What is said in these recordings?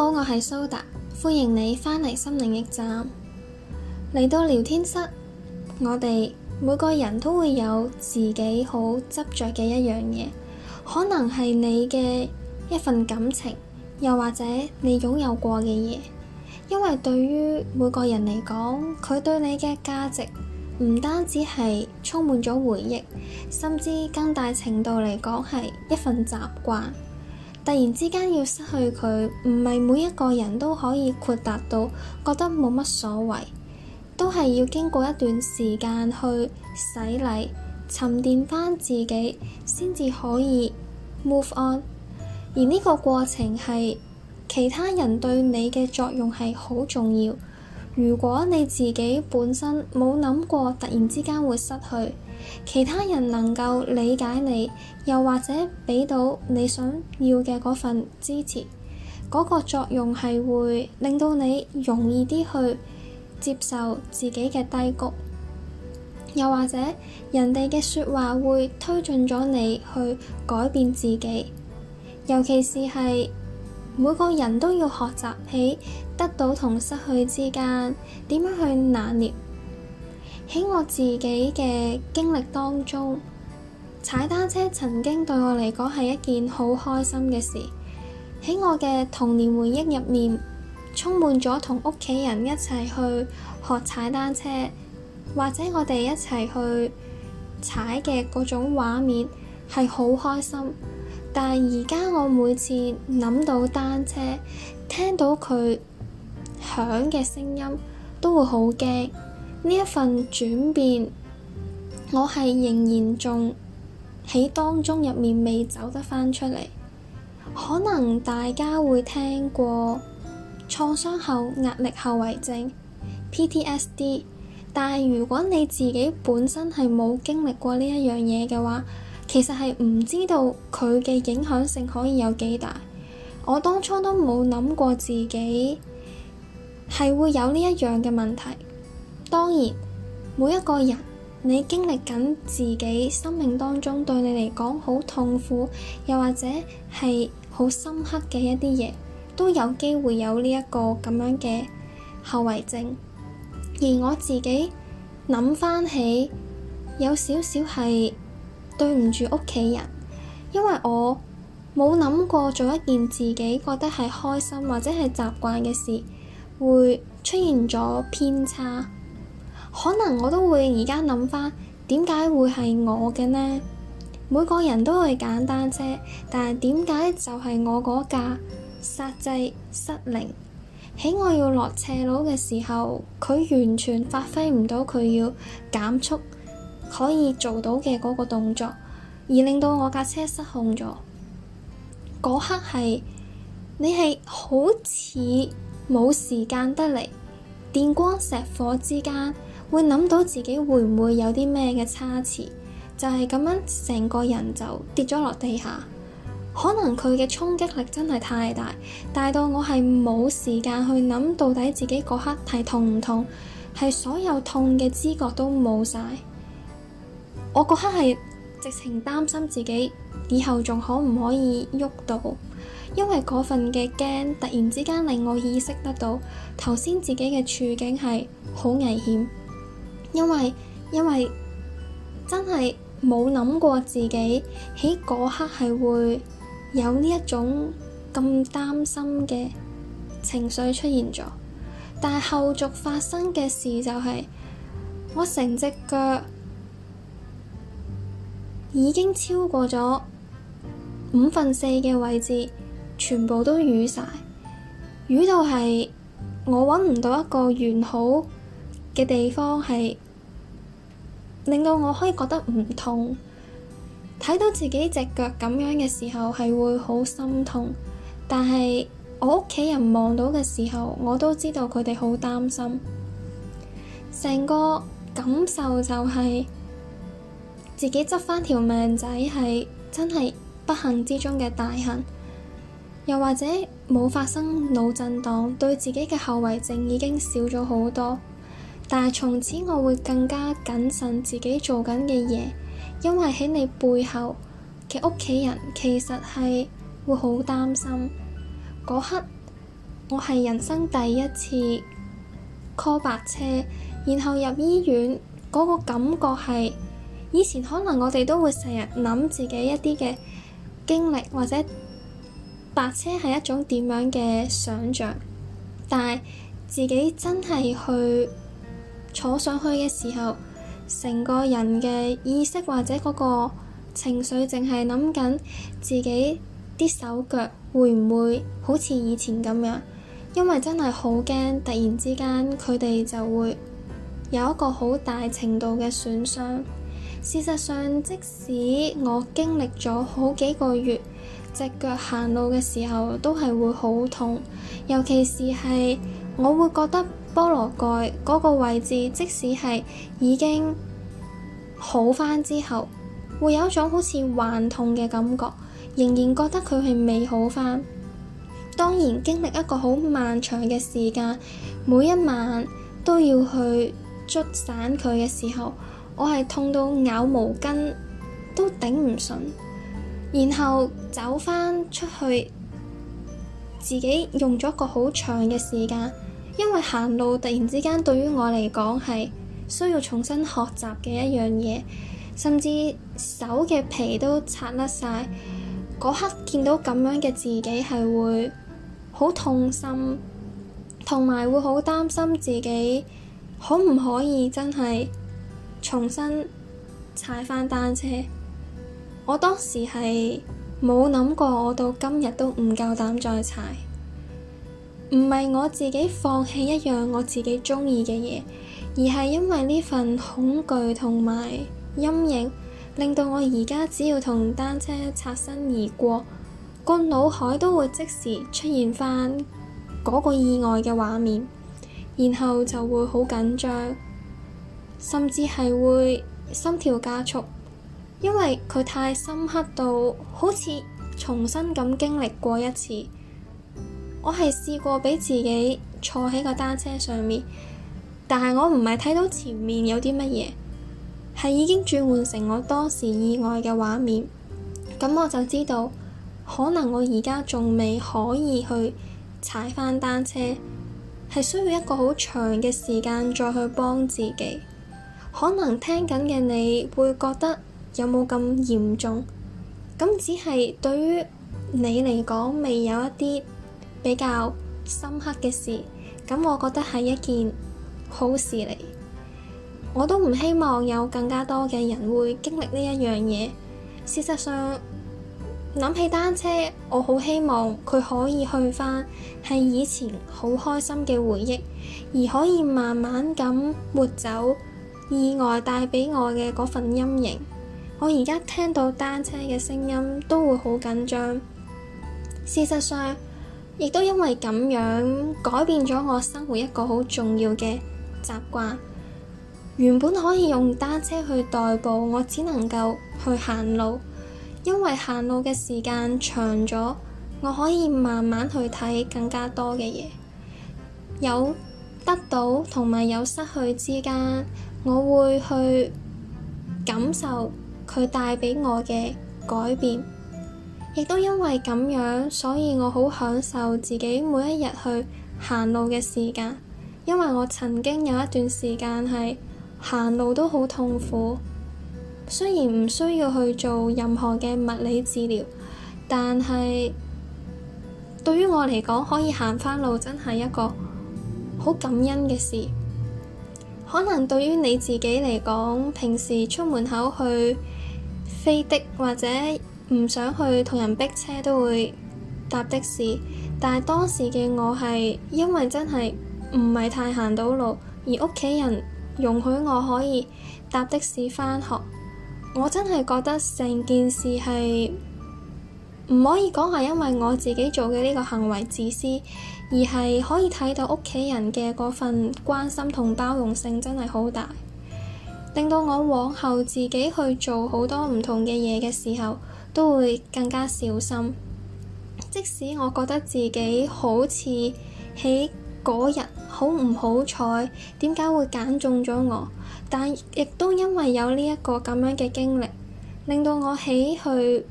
好，我係蘇達，歡迎你返嚟心靈驛站。嚟到聊天室，我哋每個人都會有自己好執着嘅一樣嘢，可能係你嘅一份感情，又或者你擁有過嘅嘢。因為對於每個人嚟講，佢對你嘅價值唔單止係充滿咗回憶，甚至更大程度嚟講係一份習慣。突然之間要失去佢，唔係每一個人都可以豁達到，覺得冇乜所謂，都係要經過一段時間去洗禮，沉澱返自己，先至可以 move on。而呢個過程係其他人對你嘅作用係好重要。如果你自己本身冇諗過突然之間會失去，其他人能夠理解你，又或者俾到你想要嘅嗰份支持，嗰個作用係會令到你容易啲去接受自己嘅低谷，又或者人哋嘅說話會推進咗你去改變自己，尤其是係。每個人都要學習喺得到同失去之間點樣去拿捏。喺我自己嘅經歷當中，踩單車曾經對我嚟講係一件好開心嘅事。喺我嘅童年回憶入面，充滿咗同屋企人一齊去學踩單車，或者我哋一齊去踩嘅嗰種畫面係好開心。但係而家我每次諗到單車，聽到佢響嘅聲音，都會好驚。呢一份轉變，我係仍然仲喺當中入面，未走得翻出嚟。可能大家會聽過創傷後壓力後遺症 （PTSD），但係如果你自己本身係冇經歷過呢一樣嘢嘅話，其實係唔知道佢嘅影響性可以有幾大。我當初都冇諗過自己係會有呢一樣嘅問題。當然，每一個人你經歷緊自己生命當中對你嚟講好痛苦，又或者係好深刻嘅一啲嘢，都有機會有呢、這、一個咁樣嘅後遺症。而我自己諗翻起，有少少係。對唔住屋企人，因為我冇諗過做一件自己覺得係開心或者係習慣嘅事，會出現咗偏差。可能我都會而家諗翻，點解會係我嘅呢？每個人都係揀單車，但係點解就係我嗰架剎制失靈，喺我要落斜路嘅時候，佢完全發揮唔到佢要減速可以做到嘅嗰個動作，而令到我架車失控咗。嗰刻係你係好似冇時間得嚟電光石火之間，會諗到自己會唔會有啲咩嘅差池，就係咁樣成個人就跌咗落地下。可能佢嘅衝擊力真係太大，大到我係冇時間去諗到底自己嗰刻係痛唔痛，係所有痛嘅知覺都冇晒。我嗰刻係直情擔心自己以後仲可唔可以喐到，因為嗰份嘅驚突然之間令我意識得到頭先自己嘅處境係好危險，因，因為因為真係冇諗過自己喺嗰刻係會有呢一種咁擔心嘅情緒出現咗，但係後續發生嘅事就係我成隻腳。已經超過咗五分四嘅位置，全部都淤晒。淤到係我揾唔到一個完好嘅地方，係令到我可以覺得唔痛。睇到自己隻腳咁樣嘅時候，係會好心痛。但係我屋企人望到嘅時候，我都知道佢哋好擔心。成個感受就係、是。自己執翻條命仔係真係不幸之中嘅大幸，又或者冇發生腦震蕩，對自己嘅後遺症已經少咗好多。但係從此我會更加謹慎自己做緊嘅嘢，因為喺你背後嘅屋企人其實係會好擔心。嗰刻我係人生第一次 call 白車，然後入醫院嗰個感覺係。以前可能我哋都會成日諗自己一啲嘅經歷，或者白車係一種點樣嘅想像，但係自己真係去坐上去嘅時候，成個人嘅意識或者嗰個情緒，淨係諗緊自己啲手腳會唔會好似以前咁樣，因為真係好驚，突然之間佢哋就會有一個好大程度嘅損傷。事實上，即使我經歷咗好幾個月，隻腳行路嘅時候都係會好痛，尤其是係我會覺得菠蘿蓋嗰個位置，即使係已經好翻之後，會有一種好似幻痛嘅感覺，仍然覺得佢係未好翻。當然，經歷一個好漫長嘅時間，每一晚都要去捽散佢嘅時候。我係痛到咬毛巾都頂唔順，然後走翻出去，自己用咗個好長嘅時間，因為行路突然之間對於我嚟講係需要重新學習嘅一樣嘢，甚至手嘅皮都擦甩晒。嗰刻見到咁樣嘅自己係會好痛心，同埋會好擔心自己可唔可以真係，重新踩返單車，我當時係冇諗過，我到今日都唔夠膽再踩。唔係我自己放棄一樣我自己鍾意嘅嘢，而係因為呢份恐懼同埋陰影，令到我而家只要同單車擦身而過，個腦海都會即時出現返嗰個意外嘅畫面，然後就會好緊張。甚至係會心跳加速，因為佢太深刻到好似重新咁經歷過一次。我係試過畀自己坐喺個單車上面，但係我唔係睇到前面有啲乜嘢，係已經轉換成我當時意外嘅畫面。咁我就知道，可能我而家仲未可以去踩翻單車，係需要一個好長嘅時間再去幫自己。可能聽緊嘅你會覺得有冇咁嚴重？咁只係對於你嚟講未有一啲比較深刻嘅事，咁我覺得係一件好事嚟。我都唔希望有更加多嘅人會經歷呢一樣嘢。事實上，諗起單車，我好希望佢可以去返係以前好開心嘅回憶，而可以慢慢咁抹走。意外帶俾我嘅嗰份陰影，我而家聽到單車嘅聲音都會好緊張。事實上，亦都因為咁樣改變咗我生活一個好重要嘅習慣。原本可以用單車去代步，我只能夠去行路，因為行路嘅時間長咗，我可以慢慢去睇更加多嘅嘢。有得到同埋有失去之間。我會去感受佢帶畀我嘅改變，亦都因為咁樣，所以我好享受自己每一日去行路嘅時間。因為我曾經有一段時間係行路都好痛苦，雖然唔需要去做任何嘅物理治療，但係對於我嚟講，可以行翻路真係一個好感恩嘅事。可能對於你自己嚟講，平時出門口去飛的或者唔想去同人逼車，都會搭的士。但係當時嘅我係因為真係唔係太行到路，而屋企人容許我可以搭的士返學，我真係覺得成件事係。唔可以講係因為我自己做嘅呢個行為自私，而係可以睇到屋企人嘅嗰份關心同包容性真係好大，令到我往後自己去做好多唔同嘅嘢嘅時候都會更加小心。即使我覺得自己好似喺嗰日好唔好彩，點解會揀中咗我，但亦都因為有呢一個咁樣嘅經歷，令到我起去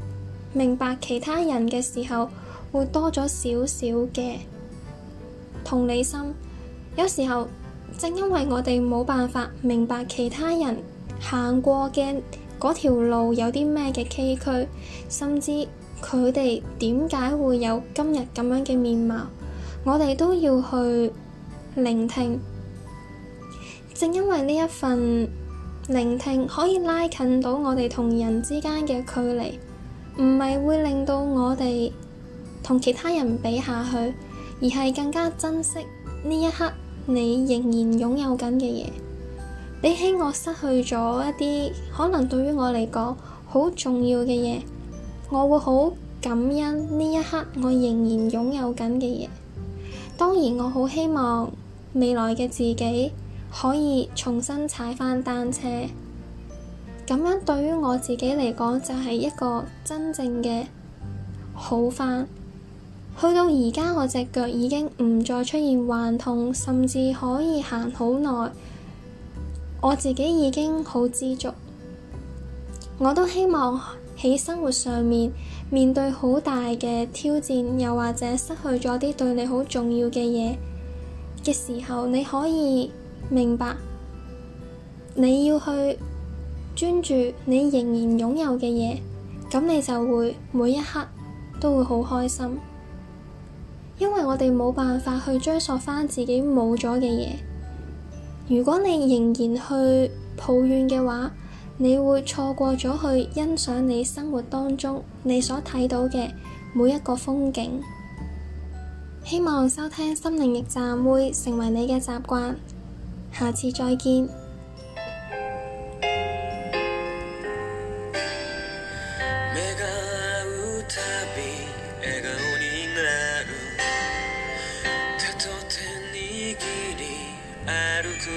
明白其他人嘅時候，會多咗少少嘅同理心。有時候，正因為我哋冇辦法明白其他人行過嘅嗰條路有啲咩嘅崎嶇，甚至佢哋點解會有今日咁樣嘅面貌，我哋都要去聆聽。正因為呢一份聆聽，可以拉近到我哋同人之間嘅距離。唔係會令到我哋同其他人比下去，而係更加珍惜呢一刻你仍然擁有緊嘅嘢。比起我失去咗一啲可能對於我嚟講好重要嘅嘢，我會好感恩呢一刻我仍然擁有緊嘅嘢。當然，我好希望未來嘅自己可以重新踩返單車。咁樣對於我自己嚟講，就係一個真正嘅好返。去到而家，我隻腳已經唔再出現幻痛，甚至可以行好耐。我自己已經好知足。我都希望喺生活上面面對好大嘅挑戰，又或者失去咗啲對你好重要嘅嘢嘅時候，你可以明白你要去。專注你仍然擁有嘅嘢，咁你就會每一刻都會好開心。因為我哋冇辦法去追索翻自己冇咗嘅嘢。如果你仍然去抱怨嘅話，你會錯過咗去欣賞你生活當中你所睇到嘅每一個風景。希望收聽心靈驛站會成為你嘅習慣，下次再見。